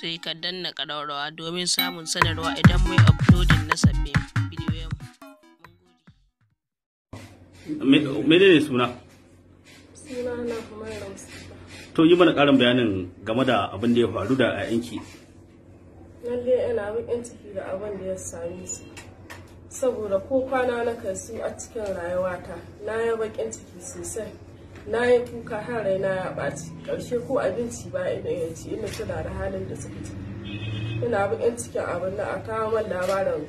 sai ka danna ƙararrawa domin samun sanarwa idan mai uploading na sabbin bidiyoyin. Mene ne suna? Suna na kuma To yi mana ƙarin bayanin game da abin da ya faru da a yanki. Lalle ina baƙin ciki da abin da ya same su. Saboda ko kwana na kai su a cikin rayuwata, na yi baƙin ciki sosai. na yi kuka har yana ya ɓaci ƙarshe ko abinci ba ina yin ci ina tuna da halin da suka ci ina bakin cikin abin da a kawo man labarin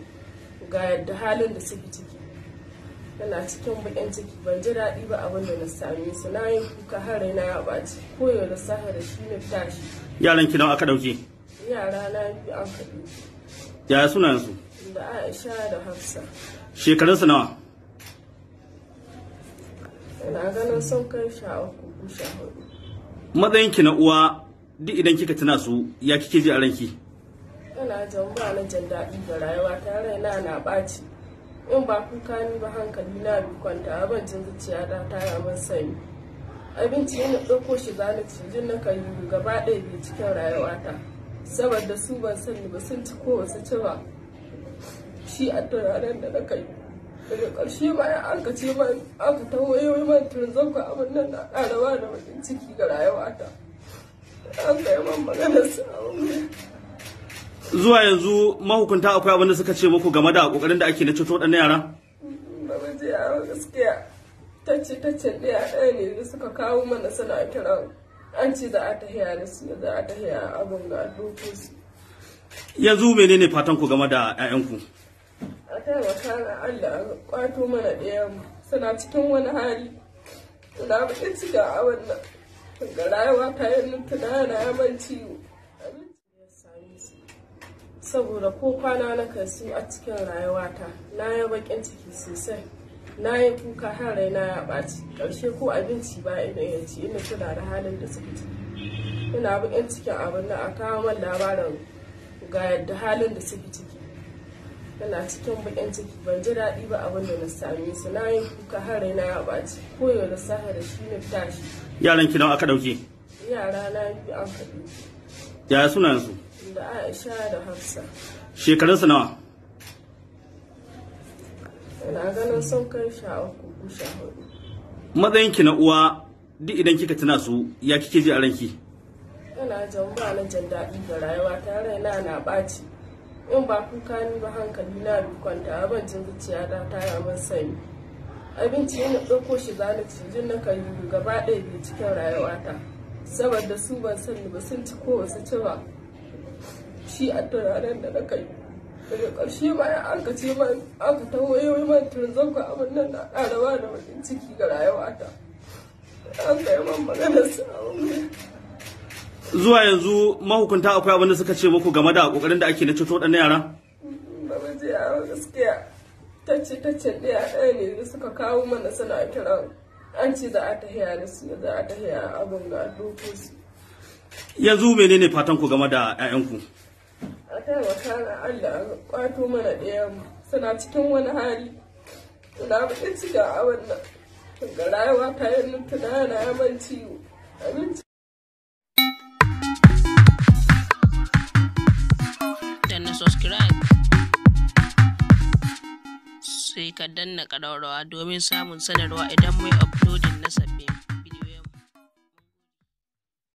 ga yadda halin da suke ciki ina cikin bakin ciki ban ji daɗi ba abin da na same su na yi kuka har yana ya ɓaci yau da sahara shi ne tashi yaran ki aka ɗauke yara na biyu an kaɗi yaya sunan su da aisha da hafsa shekarunsu nawa ina ganin son kai sha na uwa duk idan kika tuna su ya kike ji a ranki ina jan ba na jin daɗi ga rayuwa ta raina na ɓaci in ba kuka ni ba hankali na bi kwanta jin zuciya ta ta min sani abinci na ɗauko shi za na ci jin na kan yi gaba ɗaya bi cikin rayuwa ta saboda su ban sani ba sun ci ko wasu ci shi a turaren da na kai daga ƙarshe bayan aka ce man aka tawayoyi man turzanku abin nan na ƙarawa da bakin ciki ga rayuwata an kai man magana samun zuwa yanzu mahukunta akwai abin da suka ce muku game da ƙoƙarin da ake na ceto waɗannan yara ba mu je a gaskiya tacce tacce da ɗaya ne da suka kawo mana suna kiran an ce za a tahiya da su za a tahiya abin da a yanzu menene fatan ku game da 'ya'yanku taimaka na Allah kwato mana ɗayan suna cikin wani hali suna baƙin cikin a wannan ga rayuwa ta yi nutuna na yaman ciwo saboda ko kwana na kansu a cikin rayuwata na yi baƙin ciki sosai na yi kuka har raina ya ɓaci ƙarshe ko abinci ba ina ya ci ina tuna da halin da suke ciki ina baƙin cikin abin da a kawo man labarin ga yadda halin da suke ciki tana cikin bakin ciki ban ji daɗi ba abin da na same su na yi kuka har na ya ɓaci koyo da da shi ne tashi yaran ki nawa aka ɗauke yara na biyu an kaɗi ya sunan su da aisha da hafsa shekarun su nawa ina ganin sun kai sha uku ko sha hudu matsayin ki na uwa duk idan kika tuna su ya kike ji a ranki ina jan ba na jin daɗi ga rayuwa tare na na ɓaci in ba kuka ni ba hankali na kwanta abincin zuciya da ta yi ban sani abinci yana ɗauko shi za na cijin na kan yi gaba ɗaya bai cikin rayuwata saboda su ban sani ba sun ci ko wasu ci ba shi a turaren da na kai daga ƙarshe bayan an ka ce man an ka tawayoyi man turzon ku abin nan na ƙarawa da bakin ciki ga rayuwata an kai man maganar samun zuwa yanzu mahukunta akwai abin da suka ce muku game da kokarin da ake na ceto waɗannan yara? Baban ji yara gaskiya ta tacce tacce ɗaya ɗaya ne da suka kawo mana suna kira an ce za a tahiya da su za a tahiya abin ga doko su. Yanzu menene fatan ku game da 'ya'yanku? A taimaka na Allah kwato mana ɗaya suna cikin wani hali suna baƙin ciki a nan Ga rayuwa ta yi nuna tunana ya man ciwo. sai ka danna ƙararrawa domin samun sanarwa idan mai uploading na sabbin